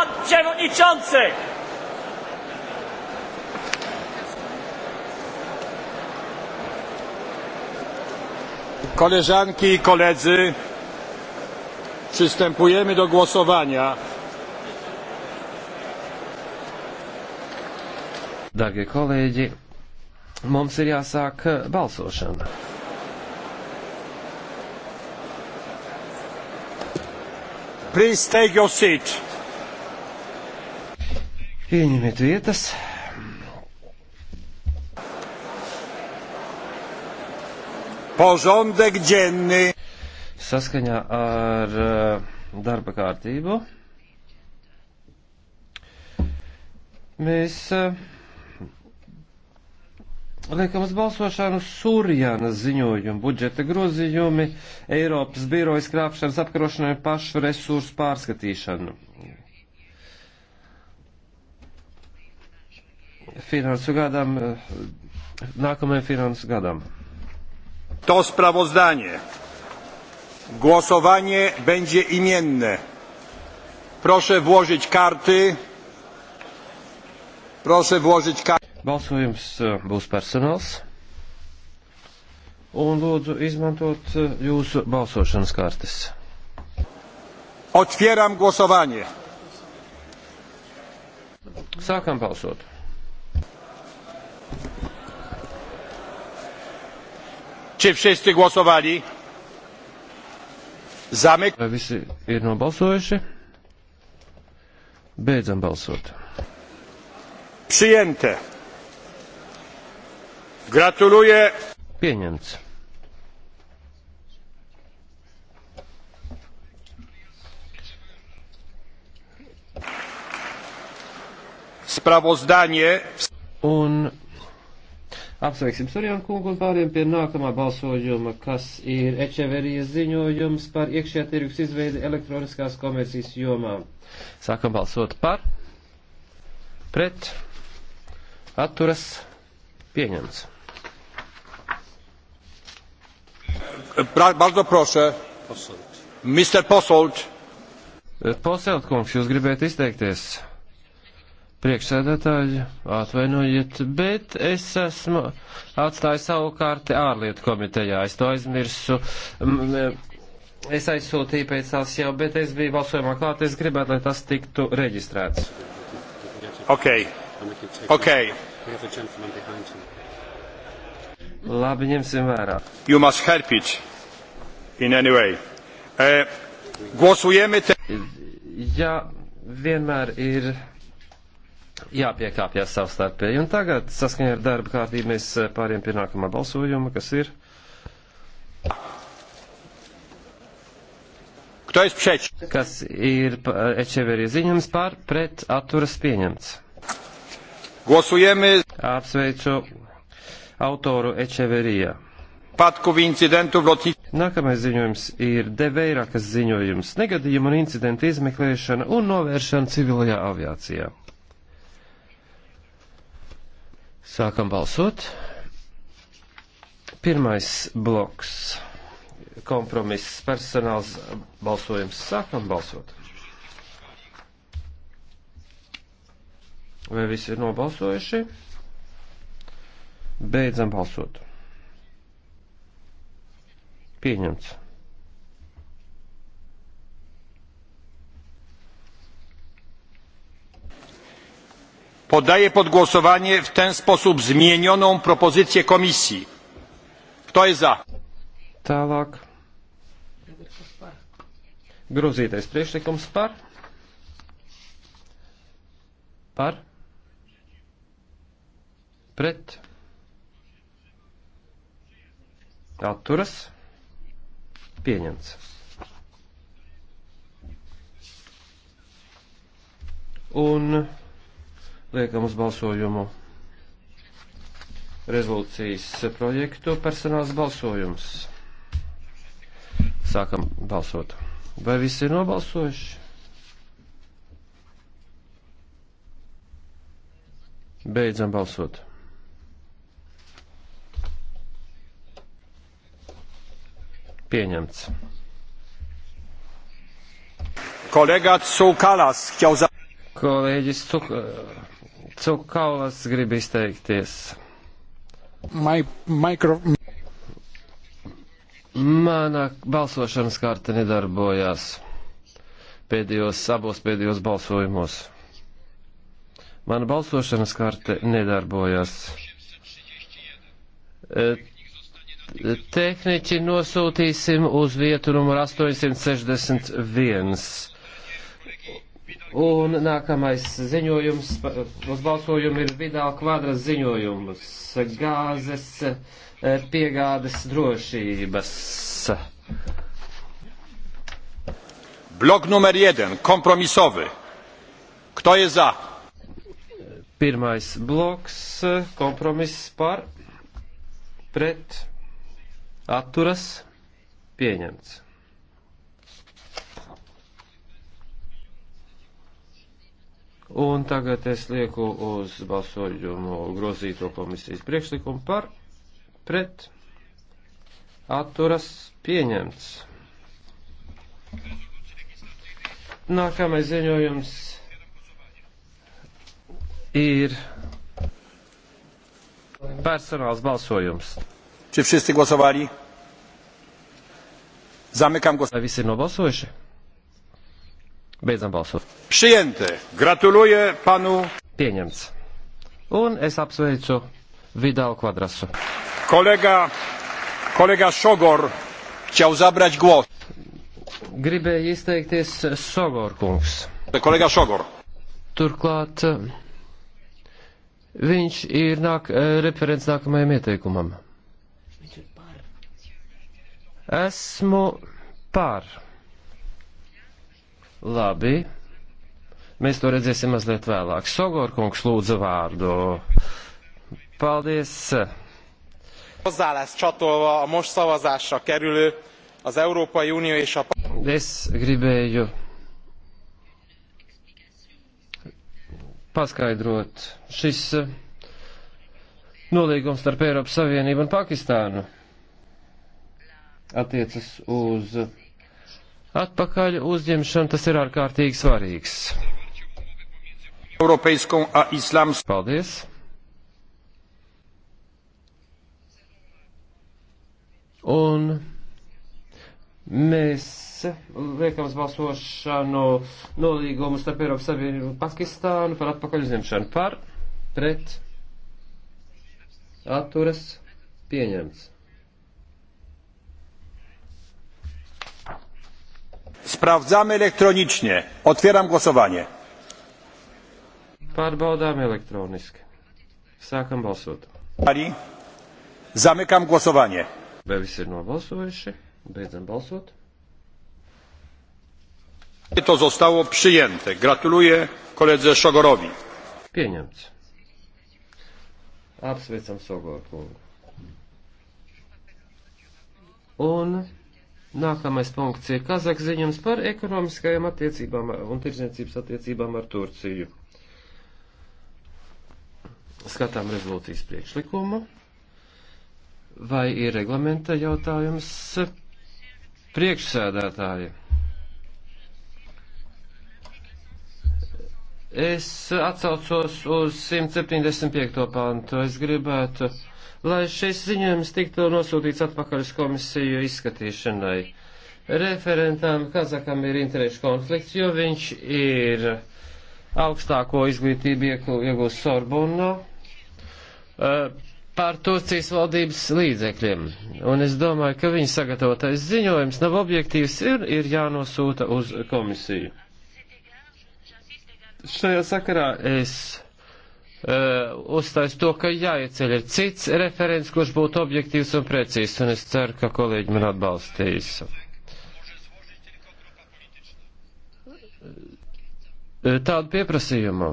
Pan Przewodniczący! Koleżanki i koledzy, przystępujemy do głosowania. Darbie kolēģi, mums ir jāsāk balsošana. Please take your seat. Ieņemiet vietas. Porządek dzienny. Saskaņā ar eh, darba kārtību. Mēs eh, liekam uz balsošanu Surjana ziņojumu budžeta grozījumi Eiropas birojas krāpšanas apkarošanai pašu resursu pārskatīšanu. finansu gadam, nākamajam finansu gadam. To sprawozdanie. Głosowanie będzie imienne. Proszę włożyć karty. Proszę włożyć karty. Balsojums e, būs personāls. Un lūdzu izmantot e, jūsu balsošanas kartes. Otwieram głosowanie. Sākam balsot. Czy wszyscy głosowali? Zamyk. Visi ir nobalsojuši. Beidzam balsot. Przyjęte. Gratuluję. Pieniądz. Sprawozdanie. Un Apsveiksim Surjanu kungu un pāriem pie nākamā balsojuma, kas ir Ečeverijas ziņojums par iekšējā tirgus izveidi elektroniskās komercijas jomā. Sākam balsot par, pret, atturas, pieņemts. Bardzo proszę, Mr. Posolt. Eh, Posolt kungs, jūs gribētu izteikties? Priekšsēdētāji, atvainojiet, bet es esmu atstājis savu kārti ārlietu komitejā. Es to aizmirsu. Es aizsūtīju pēc tās jau, bet es biju balsojumā klāt. Es gribētu, lai tas tiktu reģistrēts. Ok. Ok. Labi, ņemsim vērā. You must help it in any way. Uh, głosujemy te... Ja vienmēr ir jāpiekāpjas savstarpēji. Un tagad saskaņā ar darba kārtību mēs eh, pāriem pie nākamā balsojuma, kas ir. Kas ir Ečeverī ziņams pār pret atturas pieņemts. Gosujamies. Apsveicu autoru Ečeverijā. Nākamais ziņojums ir Deveirakas ziņojums - negadījuma un incidentu izmeklēšana un novēršana civilajā aviācijā. Sākam balsot. Pirmais bloks - kompromiss personāls balsojums. Sākam balsot. Vai visi ir nobalsojuši? Beidzam balsot. Pieņemts. poddaję pod głosowanie w ten sposób zmienioną propozycję komisji. kto jest za? Tālāk. Grozītais priekšlikums par. Par. Pret. Atturas. Pieņemts. Un Liekam uz balsojumu rezolūcijas projektu personāls balsojums. Sākam balsot. Vai visi ir nobalsojuši? Beidzam balsot. Pieņemts. Kolega Cukalas chciał za... Kolēģis Cukalas Cukalas grib izteikties. My, micro... Mana balsošanas karta nedarbojās pēdējos, abos pēdējos balsojumos. Mana balsošanas karte nedarbojās. E, Tehniķi nosūtīsim uz vietu numur 861. Un nākamais ziņojums uz balsojumu ir Vidāla kvadras ziņojums - gāzes eh, piegādes drošības. Blok numer 1 - kompromisowy. Kto je za? Pirmais bloks - kompromiss par, pret, atturas, pieņemts. Un tagad es lieku uz balsojumu grozīto komisijas priekšlikumu par pret atturas pieņemts. Nākamais ziņojums ir personāls balsojums. Czy wszyscy głosowali? Zamykam głosowanie. Visi ir nobalsojuši? Beidzam balsot. Šiente, gratuluje panu. Pieņemts. Un es apsveicu Vidalu Kvadrasu. Kolega, kolega Šogor, ķau zabrać głos. Gribēju izteikties Šogor kungs. Kolega Šogor. Turklāt viņš ir nāk, referents nākamajam ieteikumam. Esmu par Labi. Mēs to redzēsim mazliet vēlāk. Sogorkungs lūdza vārdu. Paldies. Hozzáállást csatolva a most szavazásra kerülő az Európai Unió és a... Es gribēju paskaidrot šis nolīgums starp Eiropas Savienību un Pakistānu attiecas uz atpakaļ uzņemšanu, tas ir ārkārtīgi svarīgs. Paldies! Un mēs liekam uz balsošanu nolīgumu starp Eiropas Savienību un Pakistānu par atpakaļ uzņemšanu par, pret, atturas, pieņemts. Sprawdzamy elektronicznie. Otwieram głosowanie. Pārbaudām elektroniski. Sākam balsot. Arī. Zamykam głosowanie. Vai visi ir nobalsojuši? Beidzam balsot. To zostało przyjęte. Gratuluję koledze Szogorowi. Pieņemts. Apsveicam Sogoru kungu. Un Nākamais punkts ir Kazakziņams par ekonomiskajām attiecībām un tirdzniecības attiecībām ar Turciju. Skatām rezolūcijas priekšlikumu. Vai ir reglamenta jautājums priekšsēdētāji? Es atsaucos uz 175. pantu. Es gribētu lai šis ziņojums tiktu nosūtīts atpakaļ uz komisiju izskatīšanai. Referentam Kazakam ir interešu konflikts, jo viņš ir augstāko izglītību iegūst Sorbonno eh, par Turcijas valdības līdzekļiem. Un es domāju, ka viņa sagatavotais ziņojums nav objektīvs ir, ir jānosūta uz komisiju. Šajā sakarā es Eh, uzstājas to, ka jāieceļ ir cits referents, kurš būtu objektīvs un precīzs, un es ceru, ka kolēģi man atbalstīs. Eh, tādu pieprasījumu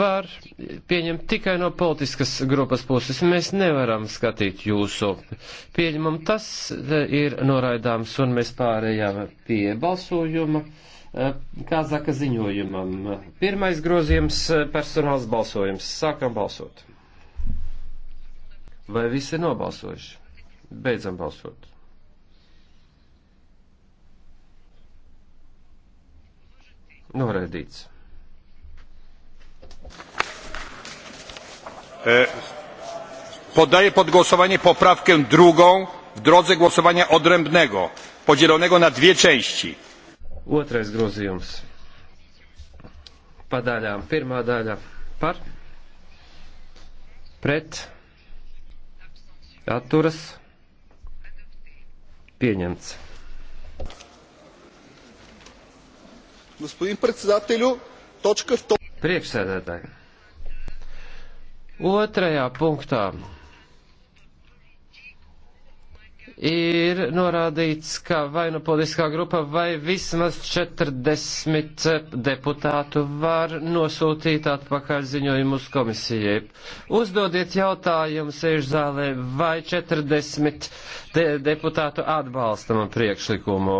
var pieņemt tikai no politiskas grupas puses. Mēs nevaram skatīt jūsu pieņemam. Tas eh, ir noraidāms, un mēs pārējām pie balsojuma. Eh, Kāzaka ziņojumam. Pirmais grozījums eh, - personāls balsojums. Sākam balsot. Vai visi ir nobalsojuši? Beidzam balsot. Noraidīts. Eh, podaję pod głosowanie poprawkę drugą w drodze głosowania odrębnego, podzielonego na dwie części. Otrais grozījums. Padaļām. Pirmā daļa par, pret, atturas, pieņemts. Господин председателю, точка 2. Priekšsēdētāji. Otrajā punktā ir norādīts, ka vai nu politiskā grupa vai vismaz 40 deputātu var nosūtīt atpakaļ ziņojumu uz komisijai. Uzdodiet jautājumu sēžzālē, vai 40 de deputātu atbalsta man priekšlikumu.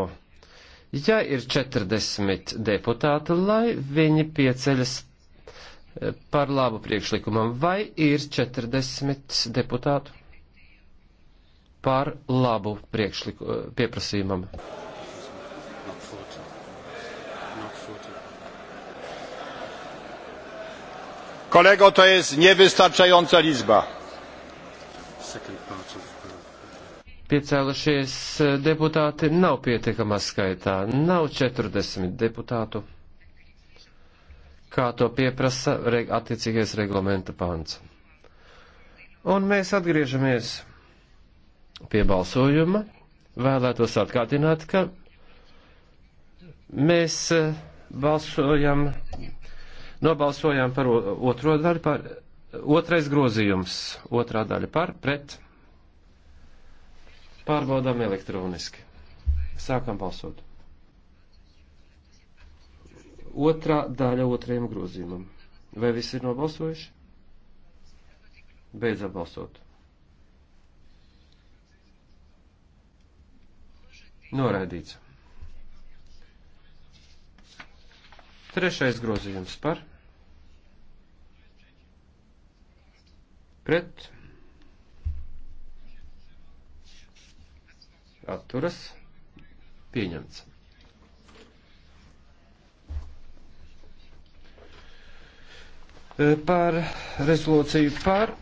Ja ir 40 deputātu, lai viņi pieceļas eh, par labu priekšlikumam, vai ir 40 deputātu? par labu priekšliku, eh, pieprasījumam. Kolego, to jest niewystarczająca liczba. Piecēlušies eh, deputāti nav pietiekamā skaitā, nav 40 deputātu, kā to pieprasa attiecīgais reglamenta pants. Un mēs atgriežamies pie balsojuma, vēlētos atkārtināt, ka mēs eh, balsojam, nobalsojām par otro daļu, par otrais grozījums, otrā daļa par, pret. Pārbaudām elektroniski. Sākam balsot. Otrā daļa otrajam grozījumam. Vai visi ir nobalsojuši? Beidzam balsot. Noraidīts. Trešais grozījums par pret atturas pieņemts. E, par rezolūciju par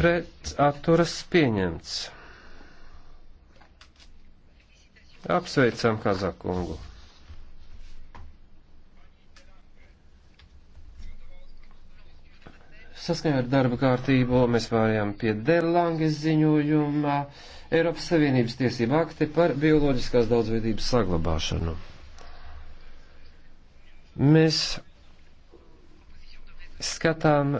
pret atturas pieņemts. Apsveicam Kazakungu. Saskaņā ar darba kārtību mēs pārējām pie Derlanges ziņojuma Eiropas Savienības tiesība akti par bioloģiskās daudzveidības saglabāšanu. Mēs skatām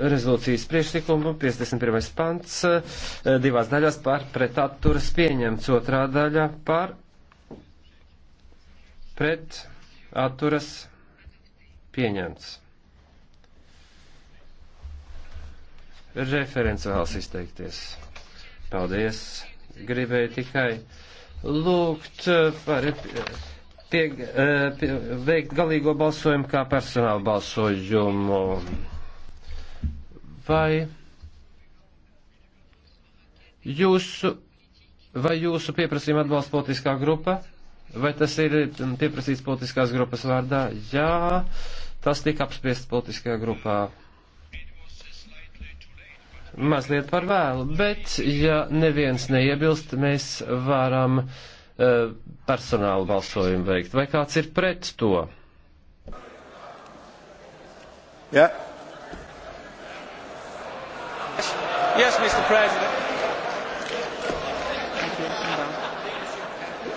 rezolūcijas priekšlikumu 51. pants eh, divās daļās par pretatturas pieņemts, otrā daļa par pretatturas pieņemts. Referents vēlas izteikties. Paldies. Gribēju tikai lūgt eh, par eh, pie, pie, veikt galīgo balsojumu kā personālu balsojumu. Vai jūsu, vai jūsu pieprasījuma atbalsta politiskā grupa? Vai tas ir pieprasīts politiskās grupas vārdā? Jā, tas tika apspriests politiskajā grupā. Mazliet par vēlu, bet ja neviens neiebilst, mēs varam uh, personālu balsojumu veikt. Vai kāds ir pret to? Yeah. Yes, Mr. President.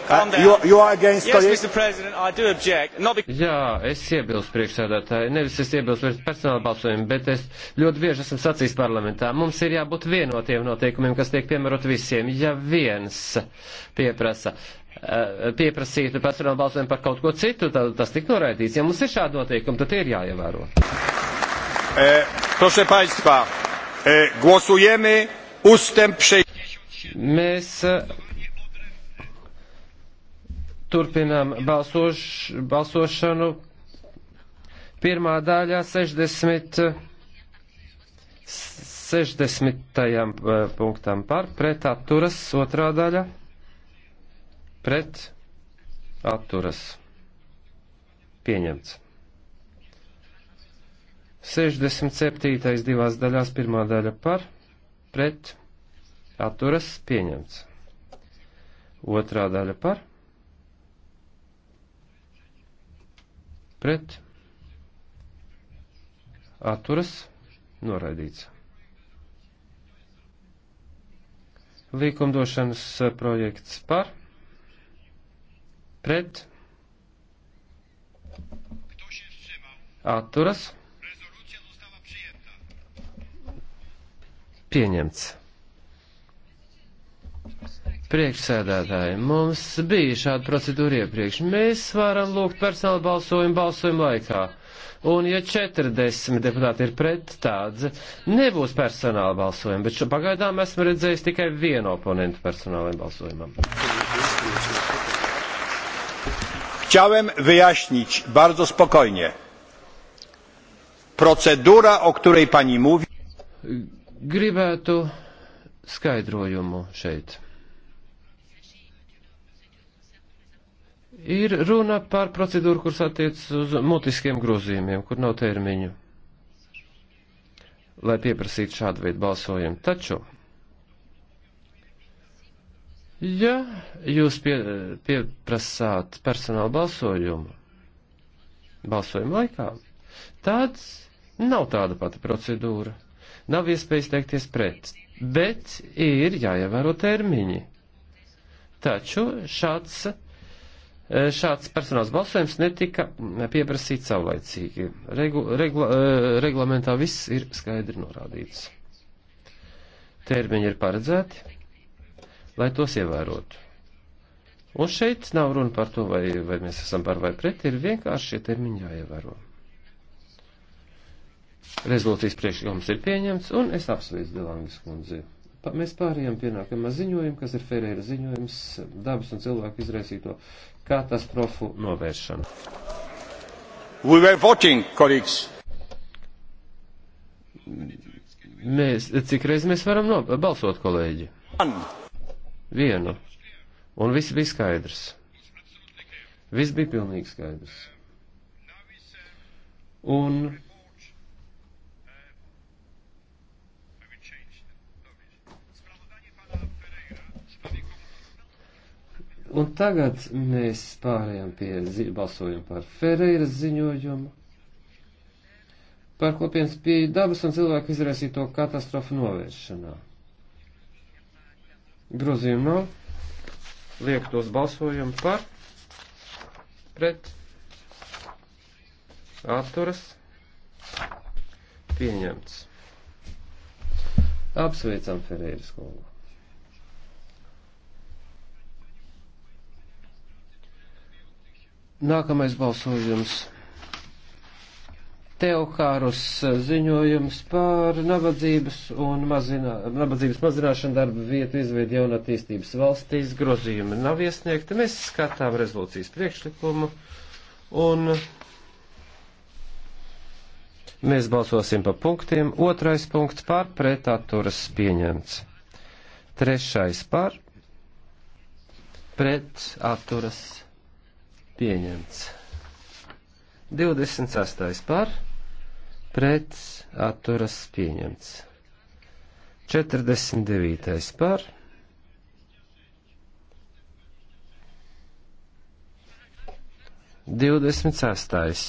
Uh, you, you are against yes, Mr. President, I do object. Not because... Jā, es iebilstu priekšsēdētāji. Nevis es iebilstu pēc personāla balsojuma, bet es ļoti bieži esmu sacījis parlamentā. Mums ir jābūt vienotiem noteikumiem, kas tiek piemērot visiem. Ja viens pieprasa uh, pieprasītu personāla balsojumu par kaut ko citu, tad tas tik noraidīts. Ja mums ir šādi noteikumi, tad tie ir jāievēro. E, proszę Państwa, E, głosujemy ustęp 60. Mēs e, turpinām balsoš, balsošanu. Pirmā daļā 60. 60. punktam par pret atturas, otrā daļa pret atturas. Pieņemts. 67. divās daļās pirmā daļa par, pret, atturas pieņemts. Otrā daļa par, pret, atturas noraidīts. Līkumdošanas projekts par, pret, atturas noraidīts. pieņemts. Priekšsēdētāji, mums bija šāda procedūra iepriekš. Mēs varam lūgt personāla balsojumu balsojumu laikā. Un ja 40 deputāti ir pret tāds, nebūs personāla balsojuma, bet šo pagaidām esmu redzējis tikai vienu oponentu personālajiem balsojumam. Chciałem wyjaśnić bardzo spokojnie. Procedura, o której pani mówi. Gribētu skaidrojumu šeit. Ir runa par procedūru, kuras attiecas uz mutiskiem grozījumiem, kur nav termiņu, lai pieprasītu šādu veidu balsojumu. Taču, ja jūs pie, pieprasāt personālu balsojumu, balsojumu laikā, tad nav tāda pati procedūra nav iespēja izteikties pret, bet ir jāievēro termiņi. Taču šāds, e, šāds personāls balsojums netika pieprasīts saulaicīgi. Regu, regla, e, reglamentā viss ir skaidri norādīts. Termiņi ir paredzēti, lai tos ievērotu. Un šeit nav runa par to, vai, vai mēs esam par vai pret, ir vienkārši šie termiņi jāievēro. Rezolūcijas priekšlikums ir pieņemts, un es apsveicu Delangas kundzi. Pa, mēs pārējām pie nākamā ziņojuma, kas ir Ferēra ziņojums - dabas un cilvēku izraisīto katastrofu novēršana. We were voting, colleagues. Mēs, cik reiz mēs varam no, balsot, kolēģi? Vienu. Un viss bija skaidrs. Viss bija pilnīgi skaidrs. Un Un tagad mēs pārējām pie balsojumu par Ferreiras ziņojumu, par kopienas pieeju dabas un cilvēku izraisīto katastrofu novēršanā. Grozījumu nav, liek tos balsojumu par, pret, atturas, pieņemts. Apsveicam Ferreiras kolonu. Nākamais balsojums. Teokārus ziņojums par nabadzības un mazinā, nabadzības mazināšanu darba vietu izveidu jaunatīstības valstīs. Grozījumi nav iesniegti. Mēs skatām rezolūcijas priekšlikumu un mēs balsosim pa punktiem. Otrais punkts par pretaturas pieņemts. Trešais par pretaturas pieņemts pieņemts. 26. par, pret, atturas pieņemts. 49. par, Divdesmit sastais.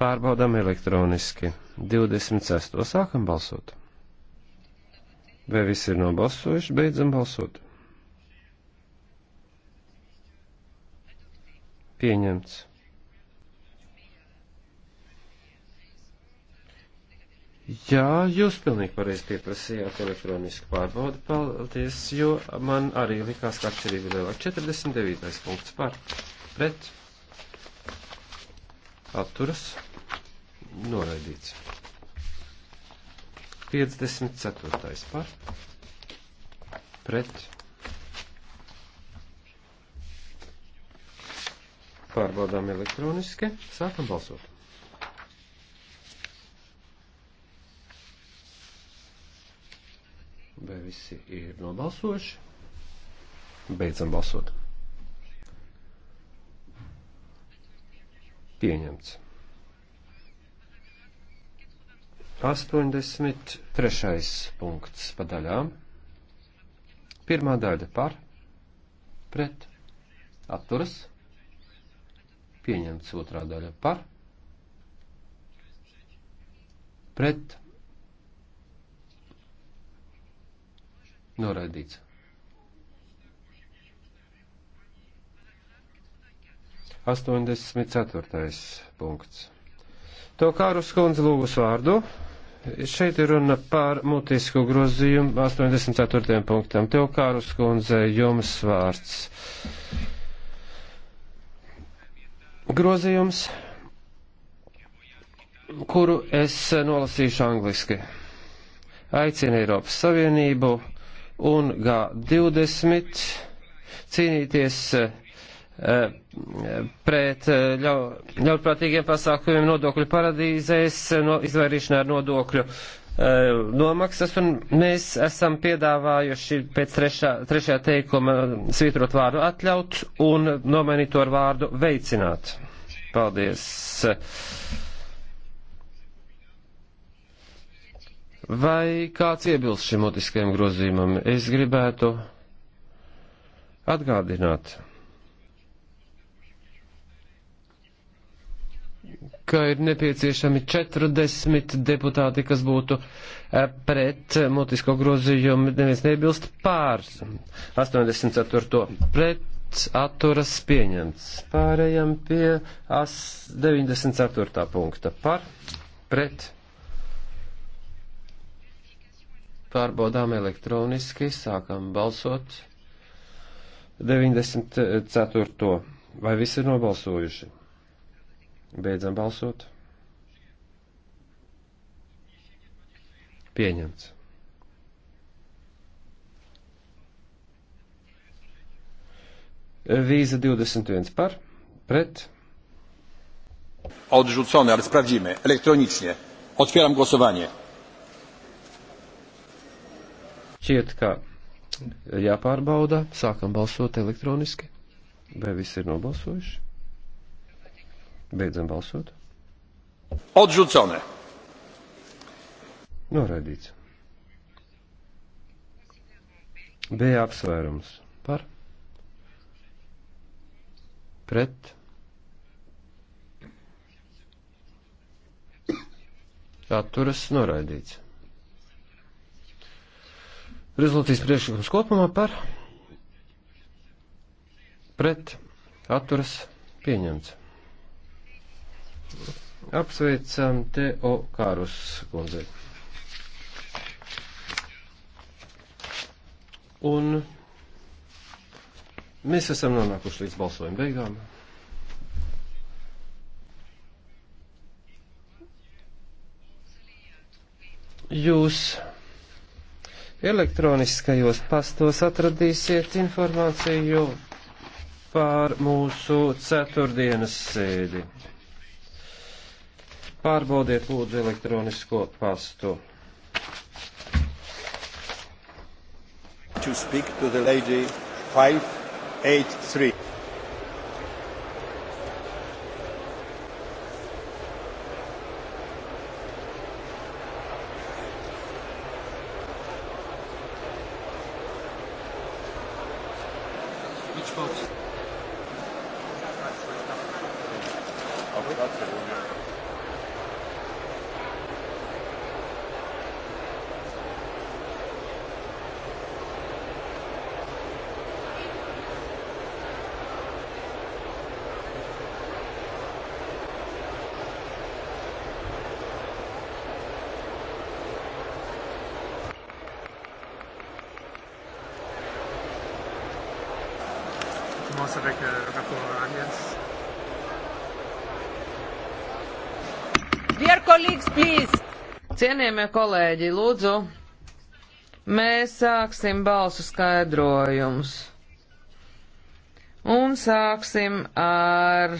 Pārbaudām elektroniski. 26. sākam balsot. Vai visi ir nobalsojuši? Beidzam balsot. pieņemts. Jā, jūs pilnīgi pareizi pieprasījāt elektronisku pārbaudu. Paldies, jo man arī likās, ka atšķirība ir lielāka. 49. punkts par pret atturas noraidīts. 54. par pret Pārbaudām elektroniski. Sākam balsot. Vai visi ir nobalsojuši? Beidzam balsot. Pieņemts. 83. punkts pa daļām. Pirmā daļa par, pret, atturas Pieņemts otrā daļa par. Pret. Noraidīts. Astoņdesmit ceturtais punkts. To kārus kundze lūgus vārdu. Šeit ir runa par mutisku grozījumu 84. punktam. Tev, Kārus kundze, jums vārds grozījums, kuru es nolasīšu angliski. Aicina Eiropas Savienību un G20 cīnīties eh, pret eh, ļau, ļaunprātīgiem pasākumiem nodokļu paradīzēs, no, izvairīšanā ar nodokļu Eh, nomaksas, un mēs esam piedāvājuši pēc trešā, trešajā teikuma svītrot vārdu atļaut un nomainīt to ar vārdu veicināt. Paldies. Vai kāds iebilst šim otiskajam grozījumam? Es gribētu atgādināt. ka ir nepieciešami 40 deputāti, kas būtu e, pret mutisko grozījumu, neviens nebilst pār 84. pret atturas pieņemts. Pārējām pie 94. punkta par pret. Pārbaudām elektroniski, sākam balsot 94. Vai visi ir nobalsojuši? Beidzam balsot. Pieņemts. Vīza 21 par, pret. Odrzucone, ale sprawdzimy elektronicznie. Otwieram głosowanie. Šķiet, ka jāpārbauda, sākam balsot elektroniski. Vai visi ir nobalsojuši? Beidzam balsot. Odrzucone. Noraidīts. B apsvērums par pret atturas noraidīts. Rezultīs priekšlikums kopumā par pret atturas pieņemts. Apsveicam Teo Kārus kundzi. Un mēs esam nonākuši līdz balsojuma beigām. Jūs elektroniskajos pastos atradīsiet informāciju pār mūsu ceturtdienas sēdi. Pārbaudiet lūdzu elektronisko pastu. To speak to the lady 583. Which box? Oh, that's the one. avec euh, le rapport Agnès. Dear colleagues, please. Cienījamie kolēģi, lūdzu, mēs sāksim balsu skaidrojumus. Un sāksim ar.